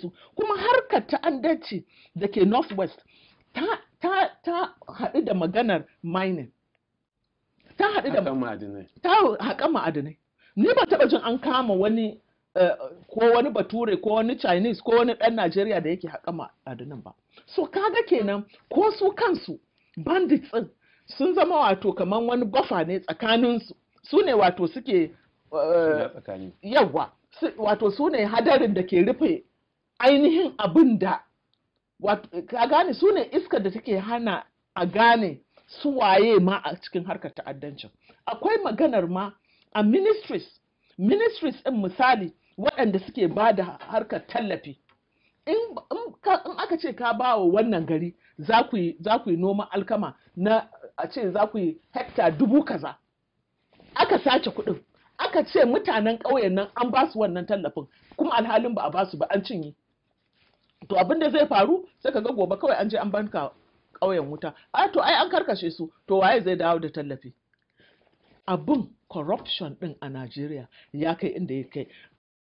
su kuma harkar ta'addanci da ke northwest ta ta ta haɗu da maganar mining ta haɗu da ta haƙa ma'adinai ni ba taɓa jin an kama wani eh, ko wani bature ko wani chinese ko wani ɗan najeriya da yake haƙa ma'adinan ba so kaga kenan ko su kansu bandits ɗin sun zama wato kamar wani buffer ne tsakaninsu su ne wato suke eh, yawa wato su ne hadarin da ke rufe ainihin abin da ka gane su ne iskar da take hana a gane su waye ma a cikin harkar ta'addancin akwai maganar ma a ministries ministries ɗin misali waɗanda suke ba da harkar tallafi in aka ce ka ba wa wannan gari za ku yi noman alkama na a ce za ku yi hekta dubu kaza aka sace kuɗin aka ce mutanen ƙauyen nan an ba su wannan tallafin kuma alhalin ba a ba su ba an cinye to abin da zai faru sai ka ga gobe kawai an je an banka ƙauyen wuta a to ai an karkashe su to waye zai dawo da tallafi abin corruption din a Najeriya ya kai inda ya kai